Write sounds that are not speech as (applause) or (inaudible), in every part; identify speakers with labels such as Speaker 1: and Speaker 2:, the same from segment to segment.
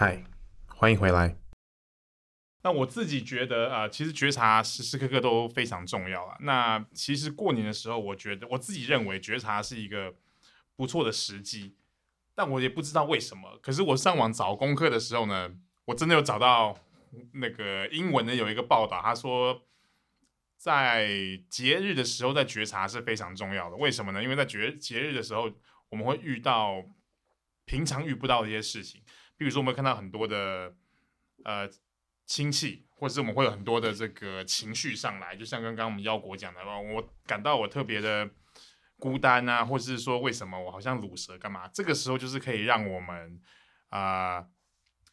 Speaker 1: 嗨，歡迎回來。那我自己覺得啊、呃，其實覺察時時刻刻都非常重要啊。那其實過年的時候，我覺得我自己認為覺察是一個不錯的時機，但我也不知道為什麼。可是我上網找功課的時候呢，我真的有找到那個英文的有一個報道，他說在節日的時候在覺察是非常重要的。為什麼呢？因為在節節日的時候，我們會遇到平常遇不到的一些事情。比如說，我們看到很多的呃親戚，或者是我們會有很多的這個情緒上來，就像剛剛我們腰果講的，我感到我特別的孤單啊，或者是說，為什麼我好像魯蛇幹嘛？這個時候就是可以讓我們啊、呃、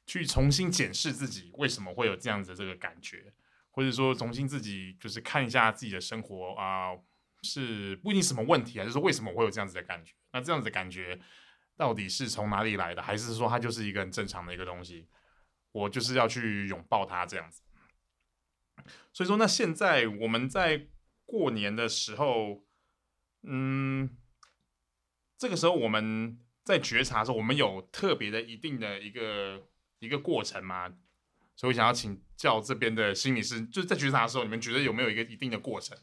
Speaker 1: 去重新檢視自己為什麼會有這樣子的這個感覺，或者說重新自己就是看一下自己的生活啊、呃，是不一定什麼問題還、啊就是說，為什麼我會有這樣子的感覺？那這樣子的感覺。到底是從哪裡來的，還是說它就是一個很正常的一個東西？我就是要去擁抱它這樣子。所以說，那現在我們在過年的時候，嗯，這個時候我們在覺察的時候，我們有特別的一定的一個一個過程嗎？所以想要請教這邊的心理師，就在覺察的時候，你們覺得有沒有一個一定的過程？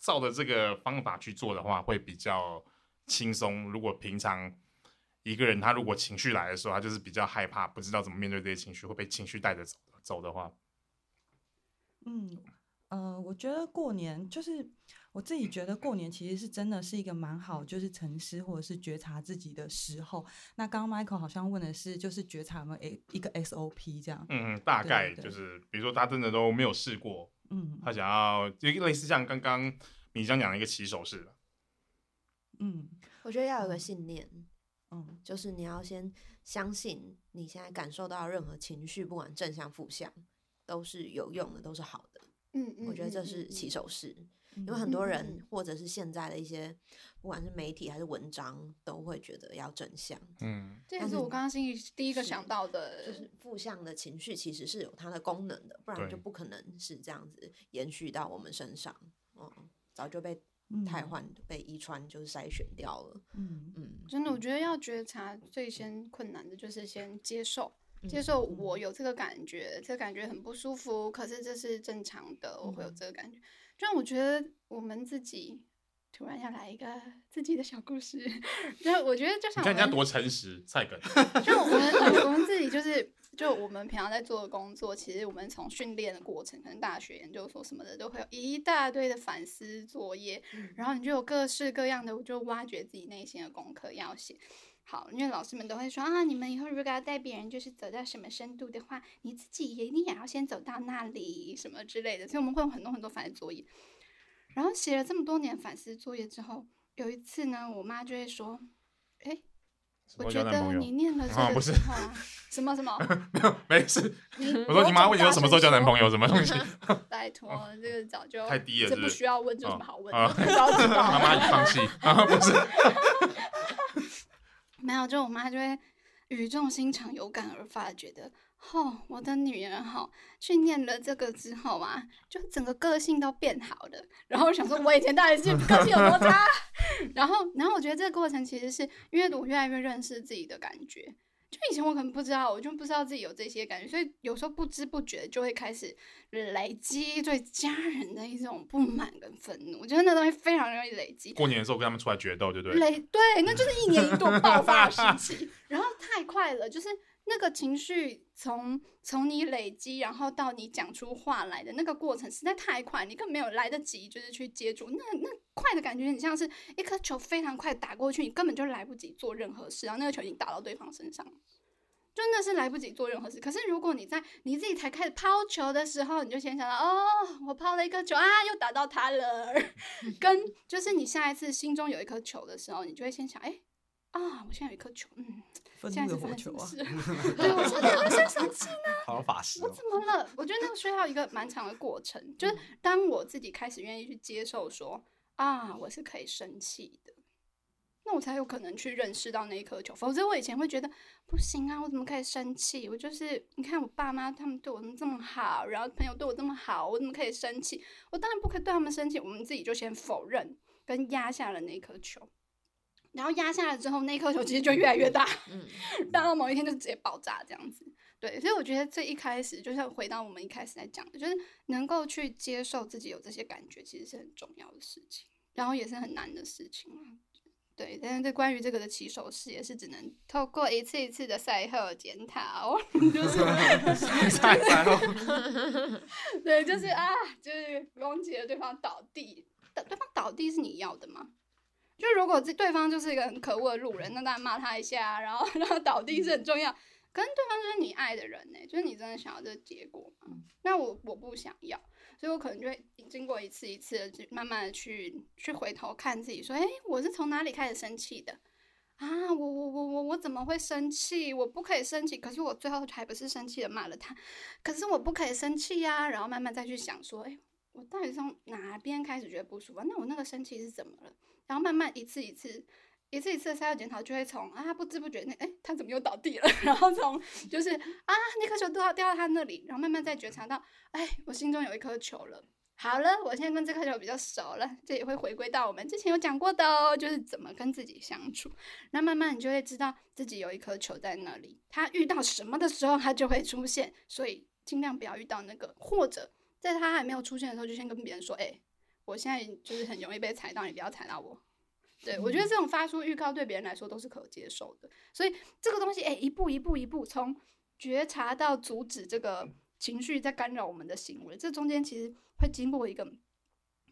Speaker 1: 照着這個方法去做的話，會比較輕鬆。如果平常一個人他如果情緒來的時候，他就是比較害怕，不知道怎麼面對這些情緒，會被情緒帶着走走的話。嗯
Speaker 2: 呃，我覺得過年就是我自己覺得過年其實是真的是一個蠻好，就是沉思或者是覺察自己的時候。那剛剛 Michael 好像問的是，就是覺察有沒有 A 一個 SOP 這樣？嗯嗯，大概就
Speaker 1: 是比如說他真的都沒有試過，嗯，
Speaker 2: 他
Speaker 1: 想要就類似像剛剛米漿講的一個起手式。嗯，
Speaker 3: 我覺得要有個信念。嗯，就是你要先相信，你現在感受到任何情緒，不管正向負向，都是有用的，都是好的。嗯，我覺得這是起手式，嗯，因為很多人，嗯、或者是現在的一些，不管是媒體還是文章，都會覺得要正向。嗯，但是這也是我剛剛心裡第一個想到的，是就是負向的情緒其實是有它的功能的，不然就不可能是這樣子延續到我們身上。嗯嗯，早就被。太患，被遺傳就篩選掉了。嗯嗯，真的，我覺得要覺察，最先困難的就是先接受，嗯、接受我有這個感覺，嗯、這個、感覺很不舒服，可是這是正常的，我會有這個感覺。嗯、就像，我覺得我們自己。突然要來一個自己的小故事，就我覺得就像你看人家多
Speaker 1: 誠實，菜梗。 (laughs)
Speaker 3: 就我們我們自己就是，就我們平常在做的工作，其實我們從訓練的過程跟大學研究所什麼的，都會有一大堆的反思作業。嗯。然後你就有各式各樣的，就挖掘自己內心的功課要寫。好，因為老師們都會說啊，你們以後如果要帶別人，就是走到什麼深度的話，你自己也一定要先走到那裡，什麼之類的。所以我們會有很多很多反思作業。然後寫了這麼多年反思作業之後，有一次呢，我媽就會說：“哎，我覺得你念了這個之後、啊哦、 (laughs) 什麼什麼沒
Speaker 1: 有沒事。嗯”我說：“你媽問你說 (laughs) 什麼時候交男朋友，什麼東西？”
Speaker 3: (laughs) 拜託， (laughs) 這個早就太低了，是是，這不需要問，就什麼好問的。早、哦、 (laughs) 知道我 (laughs) 媽一放棄 (laughs) 啊，不是？ (laughs) 沒有，就我媽就會語重心長、有感而發，覺得。哦，我的女兒哈，去念了這個之後嘛，就整個個性都變好了。然後我想說，我以前到底是個性有多差啊？ (laughs) 然後，然後我覺得這個過程其實是因為我越來越認識自己的感覺。就以前我可能不知道，我就不知道自己有這些感覺，所以有時候不知不覺就會開始累積對家人的一種不滿跟憤怒。我覺得那東西非常容易累積。過
Speaker 1: 年的時候跟他們出來決鬥，對不對？累，
Speaker 3: 對，那就是一年一度
Speaker 1: 爆發時期。
Speaker 3: (laughs) 然後太快了，就是。那個情緒從從你累積，然後到你講出話來的那個過程實在太快，你更沒有來得及就是去接住那那快的感覺，很像是一顆球非常快打過去，你根本就來不及做任何事，然後那個球已經打到對方身上，真的是來不及做任何事。可是如果你在你自己才開始拋球的時候，你就先想到哦，我拋了一顆球啊，又打到他了。 (laughs) 跟就是你下一次心中有一顆球的時候，你就會先想哎。欸啊，我現在有一顆球，嗯，的啊、現在是什麼球啊？
Speaker 4: 對、 (laughs) (laughs) (laughs) (laughs) 哦，我說怎麼先生氣呢？好法師，我
Speaker 3: 怎麼了？我覺得那個需要一個蠻長的過程， (laughs) 就是當我自己開始願意去接受說啊，我是可以生氣的，那我才有可能去認識到那一顆球。否則我以前會覺得不行啊，我怎麼可以生氣？我就是你看我爸媽他們對我這麼好，然後朋友對我這麼好，我怎麼可以生氣？我當然不可以對他們生氣，我們自己就先否認跟壓下了那一顆球。然後壓下來之後，那顆球其實就越來越大，嗯，到某一天就是直接爆炸這樣子。對，所以我覺得這一開始，就像回到我們一開始在講，的，就是能夠去接受自己有這些感覺，其實是很重要的事情，然後也是很難的事情嘛。對，但是關於這個的起手式，也是只能透過一次一次的賽後檢討，
Speaker 1: (laughs)
Speaker 4: 就是賽
Speaker 3: (laughs) (laughs) (laughs) (laughs) 對，就是啊，就是攻擊了對方倒地，對，對方倒地是你要的嗎？就如果對方就是一個很可惡的路人，那大家罵他一下，然後然後倒地是很重要，可是對方就是你愛的人呢？欸，就是你真的想要這個結果嗎？那我我不想要，所以我可能就會經過一次一次的，慢慢的去去回頭看自己，說，誒、欸，我是從哪裡開始生氣的？啊，我我我我我怎麼會生氣？我不可以生氣，可是我最後還不是生氣的罵了他。可是我不可以生氣呀，啊。然後慢慢再去想說，誒、欸。我到底是從哪邊開始覺得不舒服？那我那個生氣是怎麼了？然後慢慢一次一次，一次一次的賽後檢討，就會從啊不知不覺那哎，他怎麼又倒地了？然後從就是啊，那顆球都要掉到他那裡，然後慢慢再覺察到，哎，我心中有一顆球了。好了，我現在跟這顆球比較熟了，這也會回歸到我們之前有講過的哦，就是怎麼跟自己相處。那慢慢你就會知道自己有一顆球在那裡，他遇到什麼的時候，他就會出現。所以盡量不要遇到那個，或者。在他還沒有出現的時候，就先跟別人說：“哎、欸，我現在就是很容易被踩到， (laughs) 你不要踩到我。”對，我覺得這種發出預告對別人來說都是可接受的。所以這個東西，哎、欸，一步一步一步從覺察到阻止這個情緒在干擾我們的行為，這中間其實會經過一個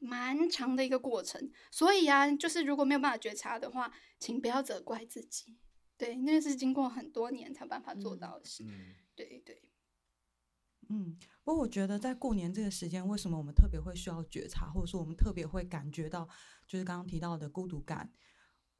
Speaker 3: 蠻長的一個過程。所以啊，就是如果沒有辦法覺察的話，請不要責怪自己。對，那是經過很多年才辦法做到的事。嗯嗯
Speaker 2: 嗯，不過我覺得在過年這個時間，為什麼我們特別會需要覺察，或者說我們特別會感覺到，就是剛剛提到的孤獨感。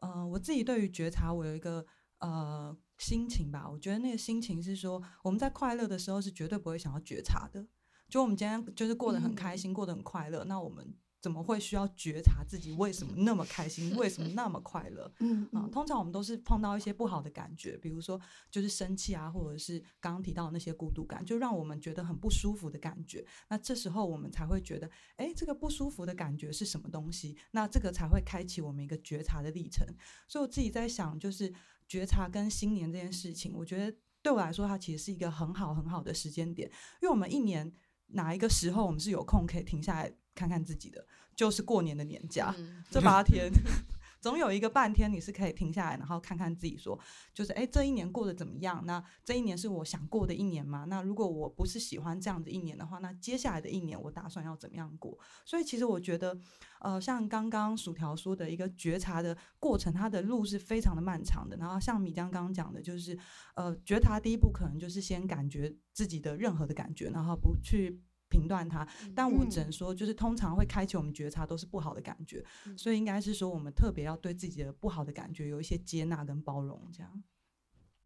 Speaker 2: 嗯、呃，我自己對於覺察，我有一個呃心情吧。我覺得那個心情是說，我們在快樂的時候是絕對不會想要覺察的。就我們今天就是過得很開心，嗯、過得很快樂，那我們。怎麼會需要覺察自己為什麼那麼開心， (laughs) 為什麼那麼快樂？嗯 (laughs) 啊，通常我們都是碰到一些不好的感覺，比如說就是生氣啊，或者是剛剛提到的那些孤獨感，就讓我們覺得很不舒服的感覺。那這時候我們才會覺得，誒，這個不舒服的感覺是什麼東西？那這個才會開啟我們一個覺察的歷程。所以我自己在想，就是覺察跟新年這件事情，我覺得對我來說，它其實是一個很好很好的時間點，因為我們一年哪一個時候，我們是有空可以停下來。看看自己的，就是過年的年假、嗯、這八天， (laughs) 總有一個半天你是可以停下來，然後看看自己說，說就是哎、欸，這一年過得怎麼樣？那這一年是我想過的一年嗎？那如果我不是喜歡這樣子一年的話，那接下來的一年我打算要怎麼樣過？所以其實我覺得，呃，像剛剛薯條說的一個覺察的過程，它的路是非常的漫長的。然後像米漿剛剛講的，就是呃，覺察第一步可能就是先感覺自己的任何的感覺，然後不去。評斷他，但我只能說，就是通常會開啟我們覺察都是不好的感覺、嗯，所以應該是說我們特別要對自己的不好的感覺有一些接納跟包容。這樣，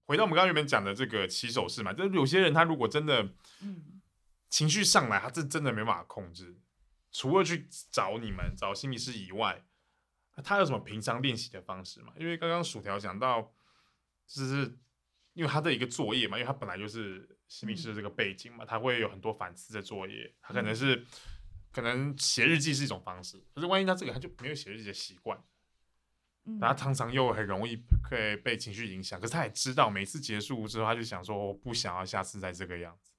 Speaker 1: 回到我們剛剛原本講的這個起手式嘛，就是有些人他如果真的，嗯、情緒上來，他是真的沒辦法控制，除了去找你們找心理師以外，他有什麼平常練習的方式嗎？因為剛剛薯條講到，就是因為他的一個作業嘛，因為他本來就是。心理師的這個背景嘛，他會有很多反思的作業，他可能是可能寫日記是一種方式，可是萬一他這個他就沒有寫日記的習慣，他常常又很容易會被情緒影響。可是他也知道，每次結束之後，他就想說，我不想要下次再這個樣子。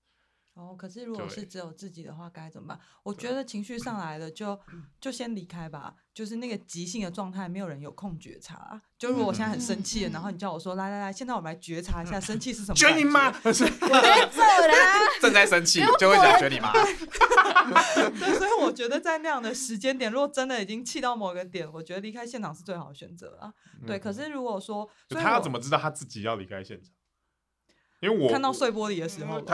Speaker 2: 哦，可是如果是只有自己的話，該、欸、怎麼辦？我覺得情緒上來了就就先離開吧，就是那個即興的狀態，沒有人有空覺察啊。就如果我現在很生氣、嗯，然後你叫我說、嗯、來來來，現在我們來覺察一下生氣是
Speaker 1: 什麼？覺你媽！我先走了。 (laughs) 正在生氣，就會想覺你媽。
Speaker 2: (laughs) 對，所以我覺得在那樣的時間點，如果真的已經氣到某個點，我覺得離開現場是最好的選擇啊、嗯。對，可是如果說所以他要
Speaker 1: 怎麼知道他自己要離開現場？因為我看到碎玻璃的時候、嗯，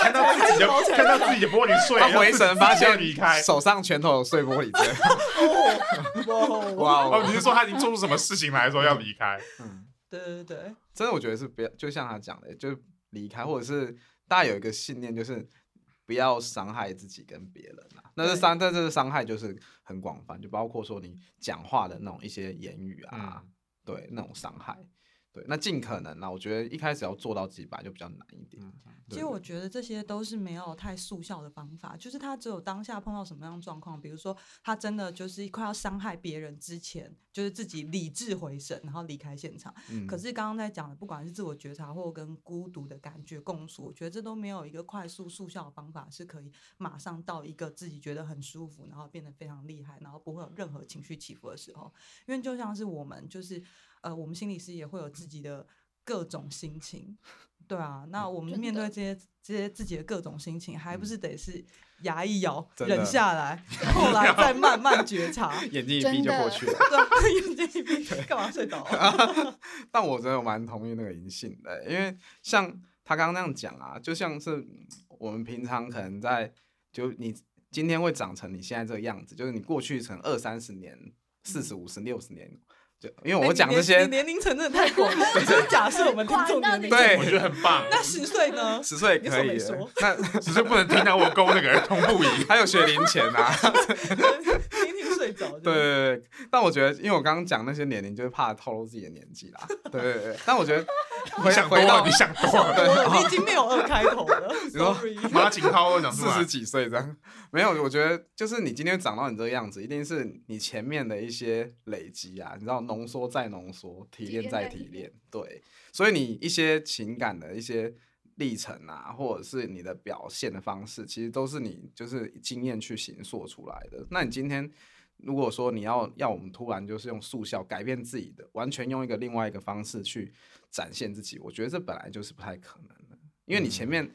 Speaker 1: 看到自己的
Speaker 4: 看到自己的玻璃碎， (laughs) 他回神發現離開，手上拳頭有碎玻璃。對 (laughs)
Speaker 2: 哇！哦、啊，你是說他
Speaker 4: 已經做出什麼事情來說要離開？嗯，對對對，真的我覺得是不要，就像他講的，就離開，或者是大家有一個信念，就是不要傷害自己跟別人、啊、那是傷，但是傷害就是很廣泛，就包括說你講話的那種一些言語啊，嗯、對那種傷害。對，那儘可能啦，我覺得一開始要做到幾百就比較難一點、嗯對對。其實我
Speaker 2: 覺得這些都是沒有太速效的方法，就是他只有當下碰到什麼樣的狀況，比如說他真的就是快要傷害別人之前，就是自己理智回神，然後離開現場、嗯。可是剛剛在講的，不管是自我覺察或跟孤獨的感覺共處，我覺得這都沒有一個快速速效的方法是可以馬上到一個自己覺得很舒服，然後變得非常厲害，然後不會有任何情緒起伏的時候。因為就像是我們就是。呃，我們心理師也會有自己的各種心情，對啊。那我們面對這些、嗯、這些自己的各種心情，還不是得是牙一咬、嗯、忍下來，
Speaker 4: 後來再慢慢覺察。 (laughs) 眼睛一閉就過去了，
Speaker 2: 對，眼睛一閉幹嘛睡
Speaker 4: 着了、啊？ (laughs) 但我真的蠻同意那個銀杏的，因為像他剛剛那樣講啊，就像是我們平常可能在就你今天會長成你現在這個樣子，就是你過去成二三十年、四十五十六十年。嗯因為我講這些、欸、年
Speaker 2: 齡層真的太廣，只 (laughs) 是假設我們聽眾年齡， (laughs) 對我覺得很棒。 (laughs) 那十歲呢？
Speaker 4: (laughs) 十歲可以，說 (laughs) 那十歲不能聽，到我勾那個兒童 (laughs) 不宜。 (laughs) 還有學齡前啊？ (laughs) (laughs) 睡着 (music) (music) 對,對,對但我覺得，因為我剛剛講那些年齡，就是怕透露自己的年紀啦。 (laughs) 對對對，但我覺得回，你想回到你想多了，對， (laughs) 你已經
Speaker 2: 沒有二開頭了。
Speaker 4: 然後 (laughs) 你說馬景濤二，四 (laughs) 十幾歲這樣，沒有。我覺得，就是你今天長到你這個樣子，一定是你前面的一些累積啊，你知道，濃縮再濃縮，提煉再提煉。對，所以你一些情感的一些歷程啊，或者是你的表現的方式，其實都是你就是經驗去形塑出來的。那你今天。如果說你要要我們突然就是用速效改變自己的，完全用一個另外一個方式去展現自己，我覺得這本來就是不太可能的，因為你前面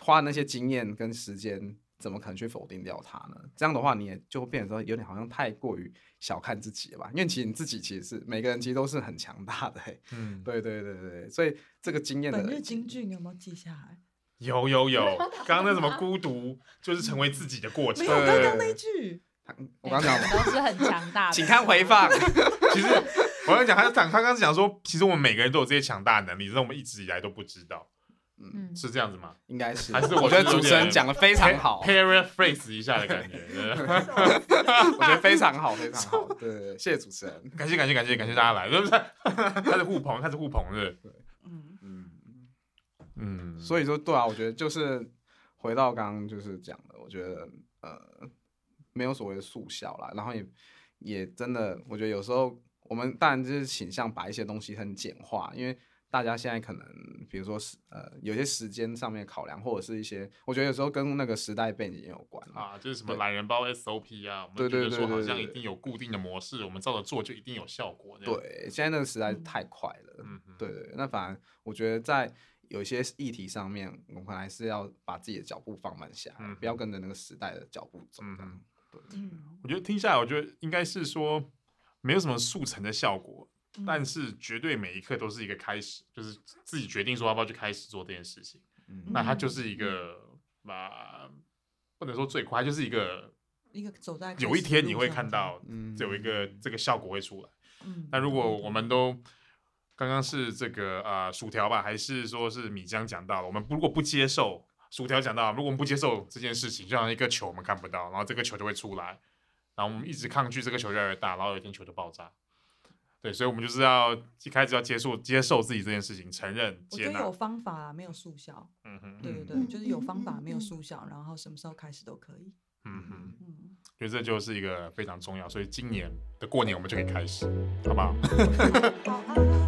Speaker 4: 花那些經驗跟時間，怎麼可能去否定掉它呢？這樣的話你也就會變得有點好像太過於小看自己了吧？因為其實你自己其實是每個人其實都是很強大的、欸，嘿、嗯，對對對對，所以這個經驗的
Speaker 2: 金句你有沒有記下來？
Speaker 4: 有有有，剛剛那什麼孤獨
Speaker 1: 就是成為自己的過程， (laughs) 沒有剛剛那句。我剛，剛講了、欸，都是很強大的， (laughs) 請看回放。 (laughs) 其實我剛講，他講，他剛講說，其實我們每個人都有這些強大的能力，只是我們一直以來都不知道。嗯，是這樣子嗎？應該是，還是我覺得主持人講的非常好。 (laughs) Paraphrase 一下的感覺， (laughs) (laughs) 我覺得非常好，非常好。 (laughs) 對，
Speaker 4: 對，對，謝謝主持人，感謝感謝感謝感謝大家來，就是不是？他是互捧，他是互捧，
Speaker 1: 是，是。對，嗯
Speaker 4: 嗯嗯，所以說，對啊，我覺得就是回到剛剛就是講的，我覺得呃。沒有所謂的速效啦，然後也也真的，我覺得有時候我們當然就是傾向把一些東西很簡化，因為大家現在可能，比如說是呃，有些時間上面考量，或者是一些，我覺得有時候跟那個時代背景也有關
Speaker 1: 啊，就是什麼懶人包 SOP 啊，對對對，好像一定有固定的模式，對對對對對對，我們照着做就一定有效果。對，
Speaker 4: 現在那個時代太快了，嗯對、對對，那反而我覺得在有些議題上面，我們可能還是要把自己的腳步放慢下來、嗯，不要跟着那個時代的腳步走這樣，嗯嗯，我覺得聽下來，我覺得應該是說，
Speaker 1: 沒有什麼速成的效果、嗯，但是絕對每一刻都是一個開始、嗯，就是自己決定說要不要去開始做這件事情。嗯、那它就是一個啊、嗯呃，不能說最快，就是一個一
Speaker 2: 個走在，有一天你會看到，
Speaker 1: 嗯、有一個這個效果會出來。那、嗯、如果我們都剛剛是這個啊、呃、薯條吧，還是說是米漿講到了，我們如果不接受。薯條講到，如果我們不接受這件事情，就像一個球，我們看不到，然後這個球就會出來，然後我們一直抗拒，這個球越來越大，然後有一天球就爆炸。對，所以，我們就是要一開始要接受，接受自己這件事情，承認。接納有
Speaker 2: 方法，沒有速效。嗯哼嗯，對對對，就是有方法，沒有速效、嗯，然後什麼時候開始都可以。嗯
Speaker 1: 哼，所、嗯、以這就是一個非常重要，所以今年的過年我們就可以開始，好不好？ (laughs) 好好好好